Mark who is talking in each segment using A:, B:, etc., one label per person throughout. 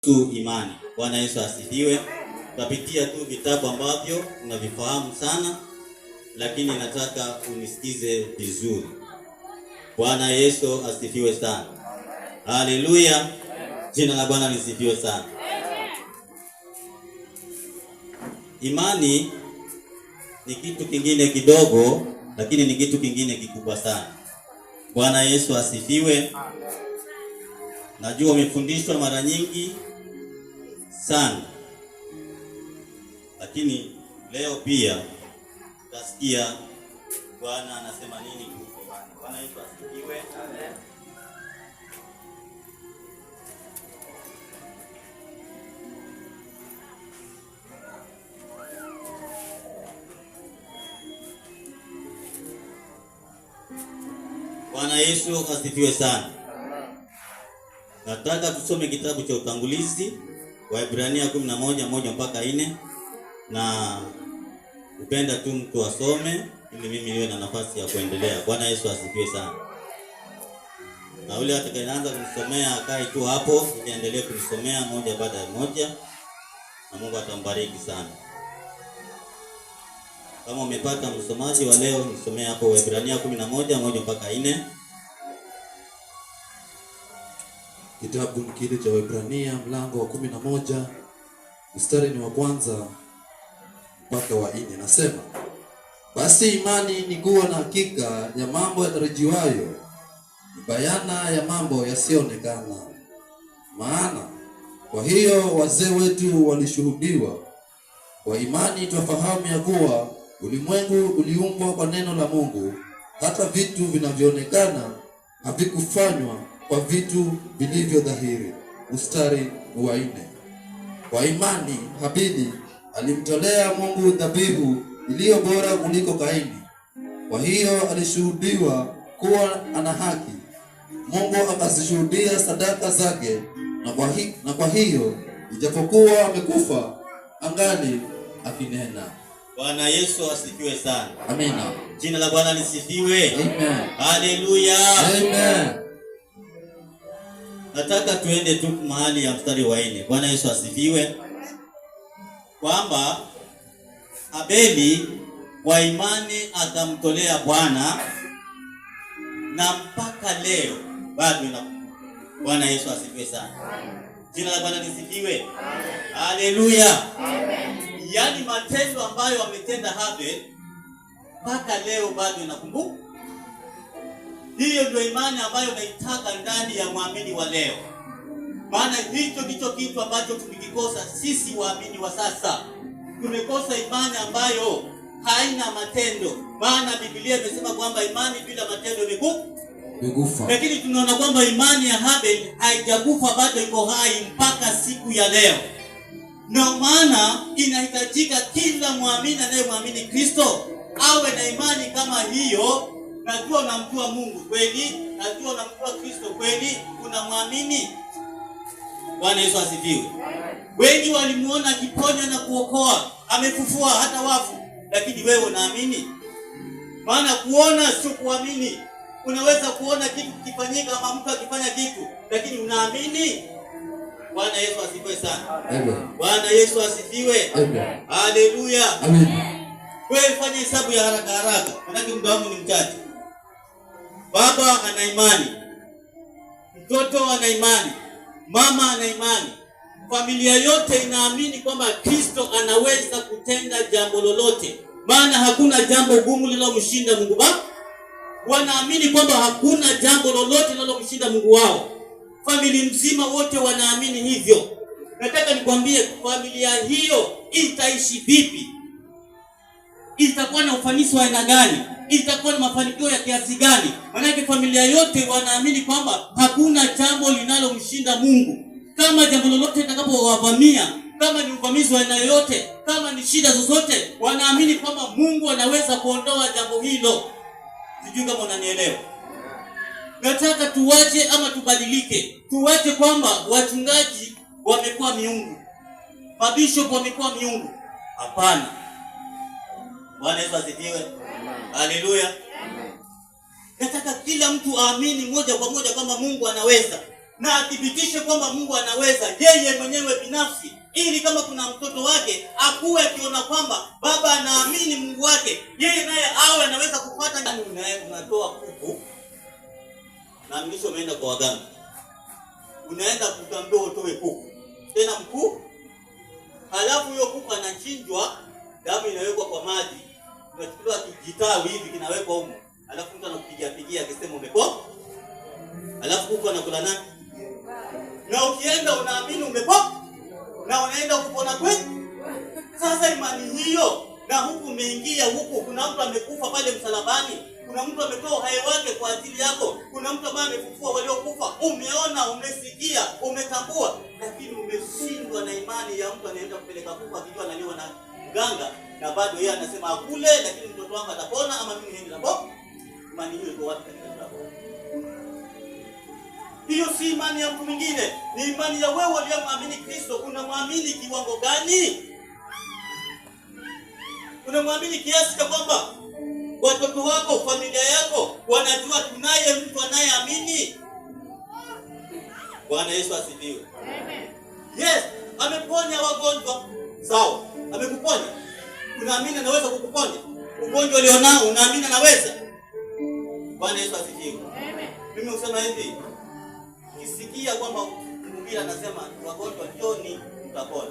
A: tu imani. Bwana Yesu asifiwe. Tutapitia tu vitabu ambavyo unavifahamu sana, lakini nataka unisikize vizuri. Bwana Yesu asifiwe sana, haleluya. Jina la Bwana lisifiwe sana. Imani ni kitu kingine kidogo, lakini ni kitu kingine kikubwa sana. Bwana Yesu asifiwe. Najua umefundishwa mara nyingi sana, lakini leo pia utasikia Bwana anasema nini kuhusu imani. Bwana Yesu asifiwe, Bwana Yesu asifiwe sana. Nataka tusome kitabu cha utangulizi Waibrania kumi na moja moja mpaka nne na upenda tu mtu asome ili mimi niwe na nafasi ya kuendelea. Bwana Yesu asifiwe sana. Na ule atakayeanza kumsomea akae tu hapo, niendelee kumsomea moja baada ya moja, na Mungu atambariki sana. Kama umepata msomaji wa leo, nisomee hapo Waebrania 11 moja mpaka ine kitabu kile cha Waebrania mlango wa kumi na moja mstari ni wa kwanza mpaka wa nne nasema, basi imani ni kuwa na hakika ya mambo yatarajiwayo, ni bayana ya mambo yasiyoonekana. Maana kwa hiyo wazee wetu walishuhudiwa kwa imani, twafahamu ya kuwa ulimwengu uliumbwa kwa neno la Mungu, hata vitu vinavyoonekana havikufanywa kwa vitu vilivyo dhahiri. Mstari wa nne, kwa imani Habili alimtolea Mungu dhabihu iliyo bora kuliko Kaini, kwa hiyo alishuhudiwa kuwa ana haki. Mungu akazishuhudia sadaka zake, na kwa, hi, na kwa hiyo ijapokuwa amekufa angali akinena. Bwana Yesu asifiwe sana. Amina. Jina la Bwana lisifiwe. Amen. Haleluya. Amen. Nataka tuende tu mahali ya mstari wa nne. Bwana Yesu asifiwe, kwamba Abeli kwa imani akamtolea Bwana na mpaka leo bado na Bwana Yesu asifiwe sana. Jina la Bwana lisifiwe. Haleluya. Yaani, matendo ambayo ametenda Abeli mpaka leo bado inakumbuka hiyo ndio imani ambayo naitaka ndani ya mwamini wa leo, maana hicho ndicho kitu ambacho tumekikosa sisi waamini wa sasa. Tumekosa imani ambayo haina matendo, maana Biblia imesema kwamba imani bila matendo ni kufa. Lakini tunaona kwamba imani ya Habel haijakufa, bado iko hai mpaka siku ya leo. Ndio maana inahitajika kila mwamini anayemwamini Kristo awe na imani kama hiyo Najua unamjua Mungu kweli, najua unamjua Kristo kweli, unamwamini. Bwana Yesu asifiwe. Wengi walimuona akiponya na kuokoa, amefufua hata wafu, lakini wewe unaamini? Maana kuona sio kuamini. Unaweza kuona kitu kikifanyika ama mtu akifanya kitu, lakini unaamini? Bwana Yesu asifiwe sana. Bwana Yesu asifiwe. Haleluya. Wewe fanya hesabu ya haraka haraka, manake muda wangu ni mchache. Baba ana imani, mtoto ana imani, mama ana imani, familia yote inaamini kwamba Kristo anaweza kutenda jambo lolote, maana hakuna jambo gumu lililomshinda Mungu Baba. Wanaamini kwamba hakuna jambo lolote linalomshinda Mungu wao. Familia mzima wote wanaamini hivyo. Nataka nikwambie, familia hiyo itaishi vipi? Itakuwa na ufanisi wa aina gani? itakuwa ni mafanikio ya kiasi gani? Maanake familia yote wanaamini kwamba hakuna jambo linalomshinda Mungu. Kama jambo lolote litakapowavamia, kama ni uvamizi wa aina yoyote, kama ni shida zozote, wanaamini kwamba Mungu anaweza kuondoa jambo hilo. Sijui kama unanielewa. Nataka tuwache ama tubadilike, tuwache kwamba wachungaji wamekuwa miungu, mabishop wamekuwa miungu. Hapana. Bwana Yesu asifiwe. Haleluya! Nataka kila mtu aamini moja kwa moja kwamba Mungu anaweza na athibitishe kwamba Mungu anaweza yeye mwenyewe binafsi, ili kama kuna mtoto wake akuwe akiona kwamba baba anaamini Mungu wake, yeye naye awe anaweza kupata. Yaani Unatoa kuku na mlisho, umeenda kwa waganga, unaenda kutambia utoe kuku tena mkuu, halafu huyo kuku anachinjwa, damu inawekwa kwa maji unachukuliwa kijitawi hivi kinawekwa huko, alafu mtu anakupigia pigia akisema umepoa, alafu huko anakula nani, na ukienda unaamini umepoa na unaenda kupona kweli. Sasa imani hiyo, na huku umeingia huku, kuna mtu amekufa pale msalabani, kuna mtu ametoa uhai wake kwa ajili yako, kuna mtu ambaye amefufua waliokufa. Umeona, umesikia, umetambua, lakini umeshindwa na imani ya mtu anaenda kupeleka kufa kijua analiwa na mganga na bado yeye anasema akule, lakini mtoto wangu atapona ama mimi niende hapo. Imani hiyo iko wapi katika Biblia? Hiyo si imani ya mtu mwingine, ni imani ya wewe uliyemwamini Kristo. Unamwamini kiwango gani? Unamwamini kiasi cha kwamba watoto wako, familia yako wanajua tunaye mtu anayeamini? Bwana Yesu asifiwe. Amen. Yes, ameponya wagonjwa. Sawa. So, amekuponya? Unaamini anaweza kukuponya ugonjwa ulionao? Unaamini anaweza? Bwana Yesu asifiwe. Mimi usema hivi, kisikia kwamba mhubiri anasema wagonjwa jioni utapona,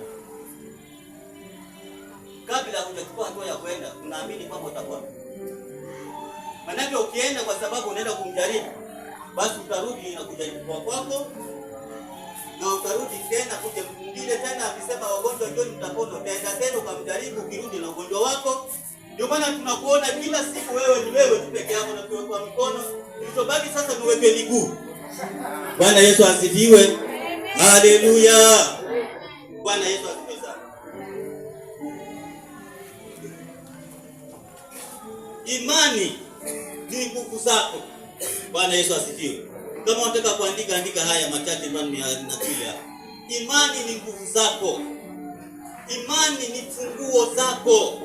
A: kabla hujachukua hatua ya kwenda, unaamini kwamba utapona? Maanake ukienda kwa sababu unaenda kumjaribu, basi utarudi na kujaribu kwako na utarudi tena kuja mwingine tena, akisema wagonjwa njoni mtapona, utaenda tena ukamjaribu, ukirudi na ugonjwa wako. Ndio maana tunakuona kila siku wewe ni wewe tu peke yako, na kuwekwa mikono. Kilichobaki sasa ni weke miguu. Bwana Yesu asifiwe, haleluya. Bwana Yesu asifiwe sana. Imani ni nguvu zako. Bwana Yesu asifiwe. Kama unataka kuandika, andika haya machache ambayo nimeyanakili. Imani ni nguvu zako, imani ni funguo zako,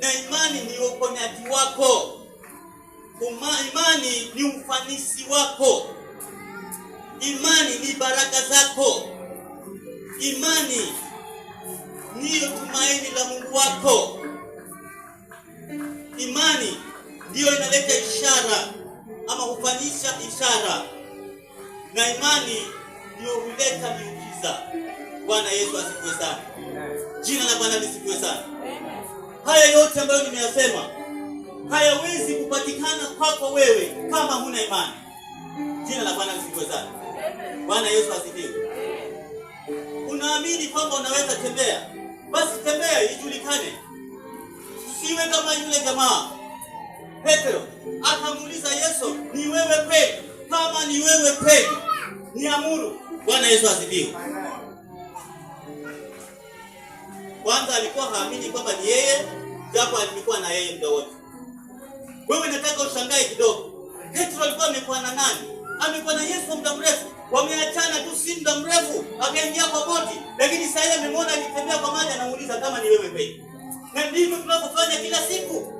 A: na imani ni uponyaji wako. Uma, imani ni ufanisi wako, imani ni baraka zako, imani ndiyo tumaini la Mungu wako, imani ndiyo inaleta ishara ama hufanyisha ishara, na imani ndiyo huleta miujiza. Bwana Yesu asifiwe sana, jina la Bwana lisifiwe sana. Haya yote ambayo nimeyasema hayawezi kupatikana kwako wewe kama huna imani. Jina la Bwana lisifiwe sana. Bwana Yesu asifiwe. Unaamini kwamba unaweza tembea, basi tembea ijulikane. Usiwe kama yule jamaa Petro akamuuliza Yesu, ni wewe kweli? Kama ni wewe kweli, amuru Bwana Yesu azidiwe. Kwanza alikuwa haamini kwamba ni yeye, japo alikuwa na yeye muda wote. Wewe nataka ushangae kidogo, Petro alikuwa amekuwa na nani? Amekuwa na Yesu muda mrefu, wameachana tu si muda mrefu, akaingia kwa boti, lakini sasa yeye amemwona akitembea kwa maji, anamuuliza kama ni wewe kweli. Na ndivyo tunavyofanya kila siku.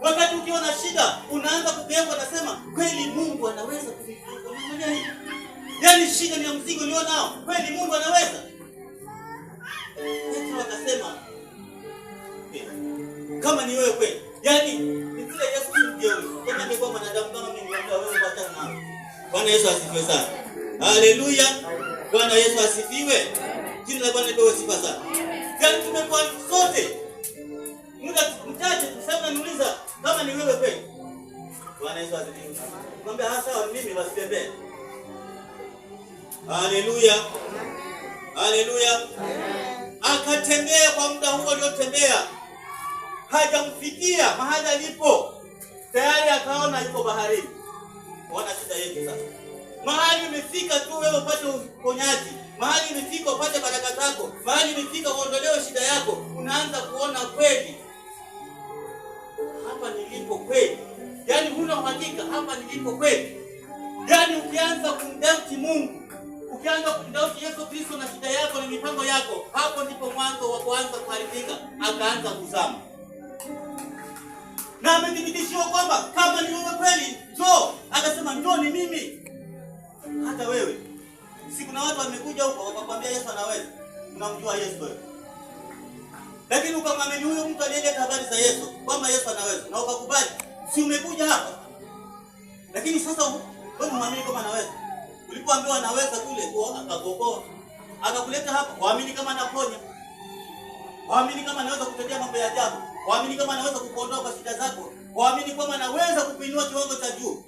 A: Wakati ukiwa na shida unaanza kupewa, unasema kweli Mungu anaweza kufikia hii. Yaani, yaani shida ni ya mzigo ulio nao, kweli Mungu anaweza. Petro akasema eh, kama ni wewe kweli, yaani ni vile Yesu mjeuri, ni kwa mwanadamu kama mimi, ndio wewe hata nao. Bwana Yesu asifiwe sana. Haleluya. Bwana Yesu asifiwe. Jina la Bwana lipewe sifa sana. Yaani tumekuwa sote muda mchache tu. Sasa unaniuliza kama ni wewe kweli? Bwana Yesu asifiwe. Kwambia hasa mimi wasitembee. Haleluya. Haleluya. Akatembea kwa muda huo aliotembea. Hajamfikia mahali alipo. Tayari akaona yuko baharini. Ona shida yake sasa. Mahali umefika tu wewe upate uponyaji. Mahali imefika upate baraka zako. Mahali imefika uondolewe shida yako. Unaanza kuona kweli hapa nilipo kweli? Yaani huna uhakika hapa nilipo kweli? Yaani ukianza kumdauti Mungu, ukianza kumdauti Yesu Kristo na shida yako na mipango yako, hapo ndipo mwanzo wa kuanza kuharibika, akaanza kuzama. Na amethibitishiwa kwamba kama ni wewe kweli, njoo. Akasema njoo ni mimi. Hata wewe. Si kuna watu wamekuja huko wakakwambia Yesu anaweza. Unamjua Yesu wewe? lakini ukamwamini huyo mtu aliyeleta habari za Yesu kwamba Yesu anaweza na ukakubali, si umekuja hapa? Lakini sasa wewe muamini kama anaweza, ulipoambiwa anaweza kule kwa akakokoa akakuleta hapa, waamini kama anaponya, waamini kama anaweza kutendea mambo ya ajabu, waamini kama anaweza kukuondoa kwa shida zako, waamini kama anaweza kukuinua kiwango cha juu.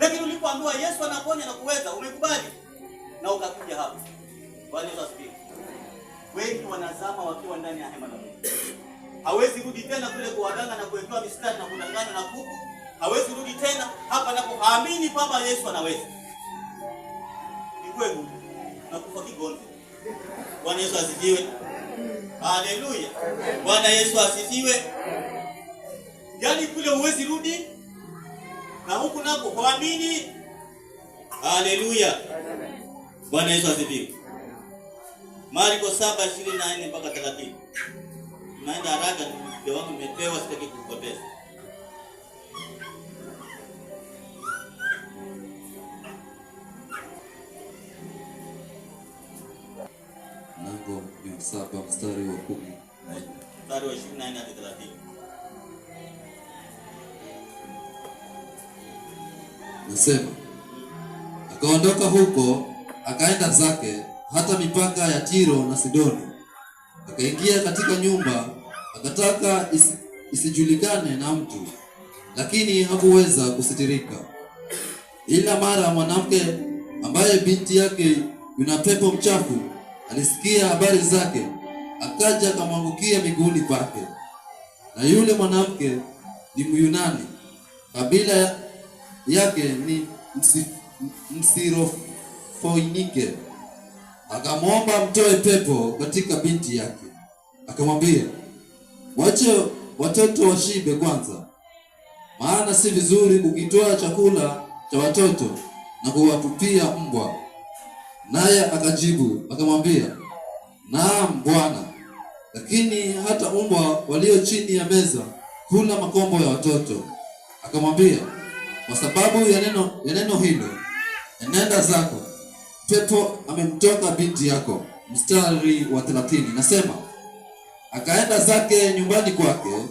A: Lakini ulipoambiwa Yesu anaponya na kuweza, umekubali na ukakuja hapa. Bwana asifiwe wengi wanazama wakiwa ndani ya hema la Mungu. Hawezi rudi tena kule kuwadanga na kuwekewa mistari na kudangana na kuku. Hawezi rudi tena hapa na kuamini kwamba Yesu anaweza. Ni kwenu na kufa kigonzo. Bwana Yesu asifiwe. Haleluya. Bwana Yesu asifiwe. Yaani kule huwezi rudi na huku nako kuamini. Haleluya. Bwana Yesu asifiwe. Marko 7:24 mpaka 30. Naenda haraka, ndio wangu nimepewa, sitaki kukupoteza.
B: Mlango wa saba mstari wa 10
A: mstari wa 24 hadi 30.
B: Nasema akaondoka huko akaenda zake hata mipaka ya Tiro na Sidoni. Akaingia katika nyumba, akataka is, isijulikane na mtu, lakini hakuweza kusitirika. Ila mara mwanamke ambaye binti yake yuna pepo mchafu alisikia habari zake, akaja akamwangukia miguuni pake. Na yule mwanamke ni Myunani, kabila yake ni msirofoinike akamwomba mtoe pepo katika binti yake. Akamwambia, wache watoto washibe kwanza, maana si vizuri kukitoa chakula cha watoto na kuwatupia mbwa. Naye akajibu akamwambia, naam Bwana, lakini hata mbwa walio chini ya meza kuna makombo ya watoto. Akamwambia, kwa sababu ya neno, ya neno hilo, enenda zako Petro amemtoka binti yako. Mstari wa 30 nasema, akaenda zake nyumbani kwake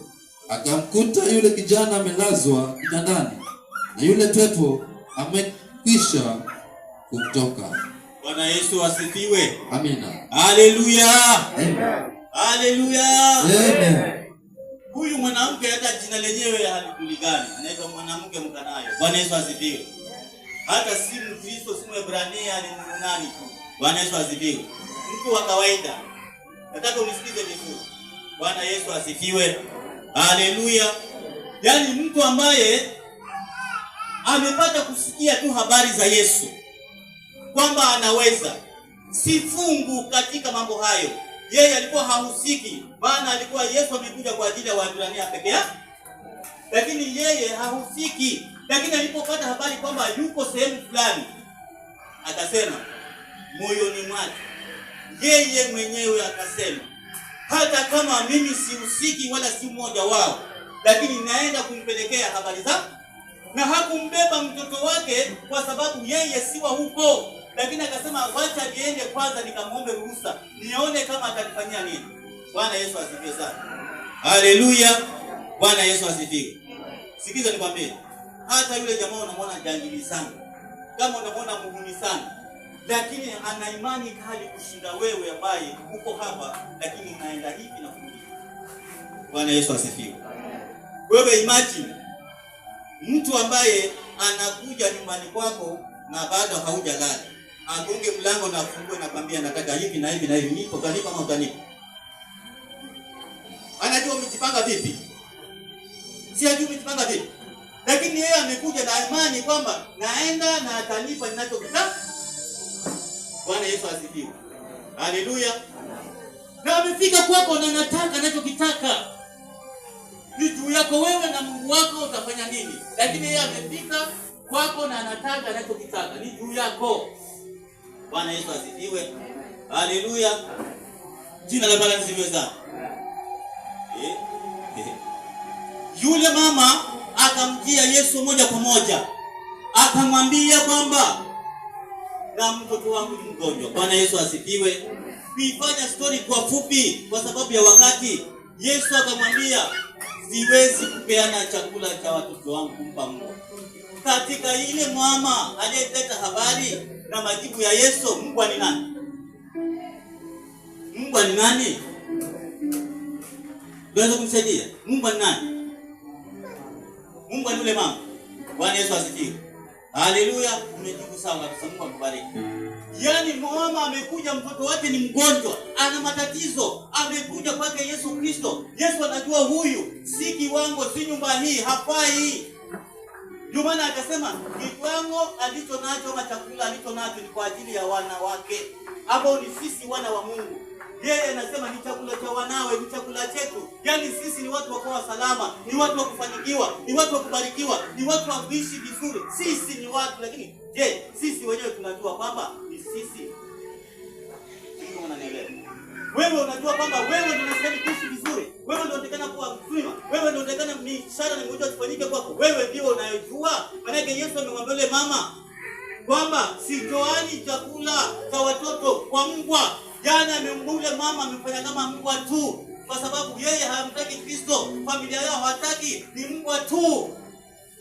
B: akamkuta yule kijana amelazwa kitandani na yule Petro amekwisha kumtoka.
A: Bwana Yesu asifiwe. Amina. Haleluya. Haleluya. Amen. Huyu mwanamke hata jina lenyewe halijulikani, anaitwa mwanamke Mkanayo. Bwana Yesu asifiwe hata si Mkristo, si Mwebrania, ni Myunani tu. Bwana Yesu asifiwe. Mtu wa kawaida, nataka unisikize vizuri. Bwana Yesu asifiwe, haleluya. Yaani mtu ambaye amepata kusikia tu habari za Yesu kwamba anaweza, si fungu katika mambo hayo, yeye alikuwa hahusiki, maana alikuwa Yesu amekuja kwa ajili ya Waebrania yake, lakini yeye hahusiki lakini alipopata habari kwamba yuko sehemu fulani, akasema moyoni mwake yeye mwenyewe akasema, hata kama mimi sihusiki wala si mmoja wao, lakini naenda kumpelekea habari za Na hakumbeba mtoto wake kwa sababu yeye siwa huko, lakini akasema, wacha niende kwanza nikamwombe ruhusa, nione kama atanifanyia nini. Bwana Yesu asifiwe sana. Haleluya! Bwana Yesu asifiwe. Sikiza nikwambie hata yule jamaa unamwona jangili sana, kama unamwona muhuni sana, lakini ana imani kali kushinda wewe ambaye uko hapa, lakini unaenda hivi na kurudi. Bwana Yesu asifiwe. Wewe imagine mtu ambaye anakuja nyumbani kwako na bado haujalala, agonge mlango na afungue na kwambia, nataka hivi na hivi na hivi, niko karibu ama utanipa? Anajua umejipanga vipi? Si ajui umejipanga vipi? lakini yeye amekuja na imani kwamba naenda na atanipa ninachokitaka. Bwana Yesu asifiwe, haleluya. Na amefika kwako na nataka anachokitaka, ni juu yako wewe na Mungu wako utafanya nini, lakini yeye amefika kwako na anataka anachokitaka, ni juu yako. Bwana Yesu asifiwe, haleluya. Jina la Bwana lisifiwe sana. Eh, eh, eh. Yule mama akamjia Yesu moja kwa moja, akamwambia kwamba na mtoto wangu ni mgonjwa. Bwana Yesu asifiwe. Kuifanya stori kwa fupi kwa sababu ya wakati, Yesu akamwambia siwezi kupeana chakula cha watoto wangu kumpa Mungu. Katika ile mama aliyeleta habari na majibu ya Yesu, Mungu ni nani? Mungu ni nani? Unaweza kumsaidia? Mungu ni nani? Mungu yule mama. Bwana Yesu asifiwe. Haleluya, umejibu sawa kabisa. Mungu akubariki. Yaani mama amekuja, mtoto wake ni mgonjwa, ana matatizo, amekuja kwake Yesu Kristo. Yesu anajua huyu si kiwango, si nyumba hii, hafai. Ndio maana akasema kiwango alicho nacho ama chakula alicho nacho ni kwa ajili ya wanawake. Hapo ni sisi wana wa Mungu. Yeye anasema ni chakula cha wanawe, ni chakula chetu. Yaani sisi ni watu wa kuwa salama, ni watu wa kufanikiwa, ni watu wa kubarikiwa, ni watu wa kuishi vizuri. Sisi ni watu, lakini je, sisi wenyewe tunajua kwamba ni sisi? Wewe unajua kwamba wewe ndio unastahili kuishi vizuri, wewe ndio unatakana kuwa mzima, wewe ndio unatakana mishahara na mmoja usifanyike kwako, wewe ndio unayojua. Maanake Yesu amemwambia yule mama kwamba sitoani chakula cha watoto kwa mbwa. Jana yaani amembuja mama, amefanya kama mbwa tu, kwa sababu yeye hamtaki Kristo, familia yao hataki, ni mbwa tu.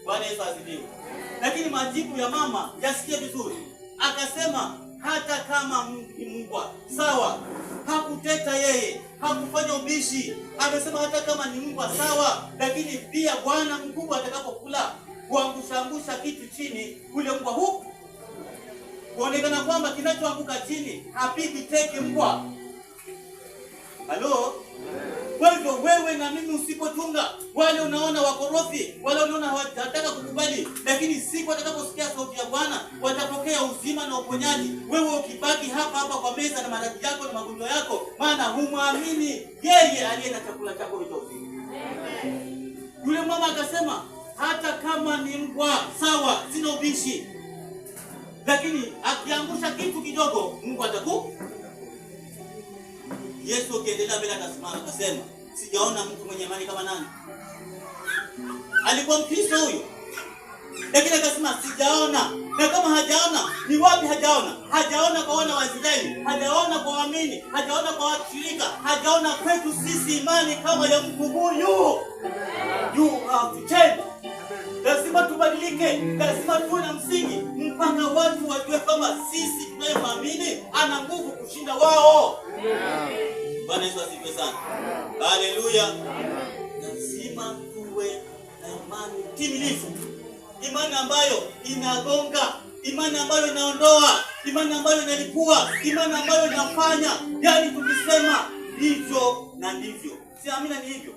A: Bwana Yesu asifiwe. Lakini majibu ya mama yasikie vizuri, akasema hata kama mbwa sawa. Hakuteta yeye, hakufanya ubishi, amesema hata kama ni mbwa sawa, lakini pia bwana mkubwa atakapokula angusha kitu chini, kule mbwa huku kuonekana kwamba kinachoanguka chini hapigi teke mbwa. Halo? Kwa hivyo wewe na mimi usipotunga, wale unaona wakorofi, wale unaona hawataka kukubali, lakini siku watakaposikia sauti ya Bwana watapokea uzima na uponyaji. Wewe ukibaki hapa hapa kwa meza na maradhi yako na magonjwa yako, maana humwamini yeye aliye na chakula chako cha uzima. Yule mama akasema, hata kama ni mbwa sawa, sina ubishi lakini akiangusha kitu kidogo Mungu ataku. Yesu akiendelea mbele akasimama akasema, sijaona mtu mwenye imani kama nani. Alikuwa Mkristo huyo, lakini akasema sijaona. Na kama hajaona, ni wapi hajaona? Hajaona kwa wana wa Israeli, hajaona kwa waamini, hajaona kwa washirika, hajaona kwetu sisi imani kama ya mtu huyu. You have Lazima tubadilike, lazima tuwe na msingi mpaka watu wajue kama sisi tunayemwamini ana nguvu kushinda wao. Bwana Yesu asifiwe sana, haleluya. Lazima tuwe na imani timilifu, imani ambayo inagonga, imani ambayo inaondoa, imani ambayo inalikua imani ambayo inafanya. Yani tukisema hivyo na ndivyo, si amina, ni hivyo.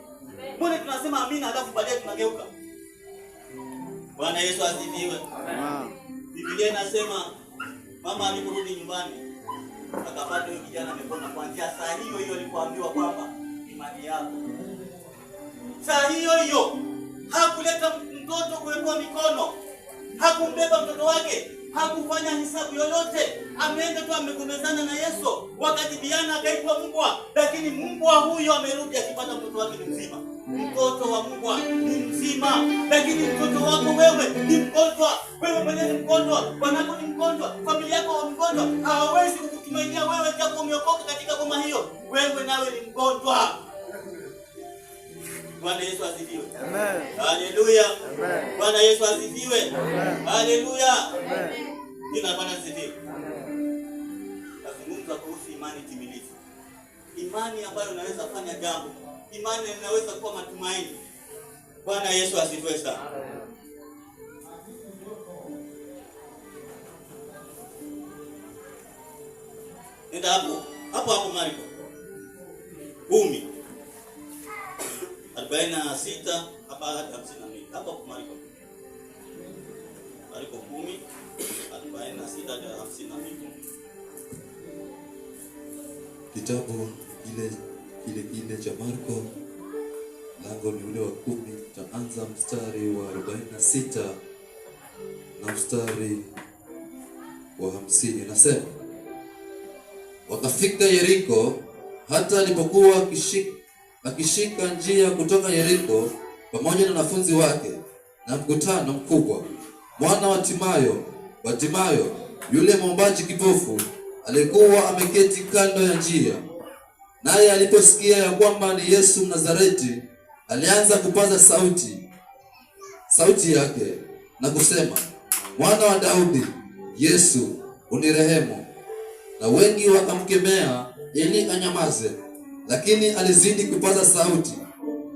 A: Mbona tunasema amina alafu baadaye tunageuka? Bwana Yesu asifiwe. Biblia inasema mama aliporudi nyumbani akapata huyo kijana amepona. Kuanzia saa hiyo hiyo alipoambiwa kwamba imani yako, saa hiyo hiyo hakuleta mtoto kuwekwa mikono, hakumbeba mtoto wake, hakufanya hisabu yoyote, ameenda tu amegomezana na Yesu, wakajibiana, akaitwa mbwa, lakini mbwa huyo amerudi akipata mtoto wake ni mzima. Mtoto wa Mungu ni mzima, lakini mtoto wako wewe ni mgonjwa. Wewe mwenyewe ni mgonjwa, wanako ni mgonjwa, familia yako wa mgonjwa, hawawezi kukutumainia wewe japo umeokoka katika goma hiyo. Wewe nawe ni mgonjwa. Bwana Yesu asifiwe. Amen. Haleluya. Amen. Bwana Yesu asifiwe. Amen. Haleluya. Amen. Nina Bwana asifiwe. Nazungumza kuhusu imani timilifu, imani ambayo unaweza fanya jambo imani inaweza kuwa matumaini. Bwana Yesu asifiwe sana. Nenda hapo hapo hapo Marko kumi arobaini na sita hapa hadi hamsini na mbili hapo hapo Marko Marko kumi arobaini na sita hadi hamsini na mbili kitabu ile kile kile cha Marko lango ni ule wa kumi, taanza mstari wa 46 na mstari wa 50. Nasema, wakafika Yeriko, hata alipokuwa akishika njia kutoka Yeriko pamoja na wanafunzi wake na mkutano mkubwa, mwana wa Timayo wa Timayo, yule mwombaji kipofu, alikuwa ameketi kando ya njia Naye aliposikia ya kwamba ni Yesu Mnazareti, alianza kupaza sauti sauti yake na kusema, mwana wa Daudi, Yesu unirehemu. Na wengi wakamkemea ili anyamaze, lakini alizidi kupaza sauti,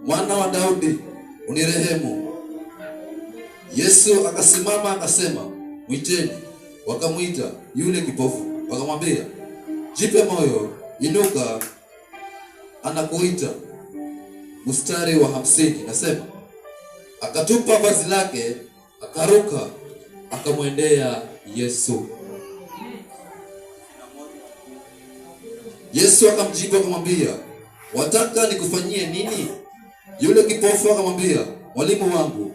A: mwana wa Daudi unirehemu. Yesu akasimama akasema, mwiteni. Wakamwita yule kipofu, wakamwambia, jipe moyo, inuka anakuita. Mstari wa hamsini nasema, akatupa vazi lake, akaruka, akamwendea Yesu. Yesu akamjibu akamwambia, wataka nikufanyie nini? Yule kipofu akamwambia, mwalimu wangu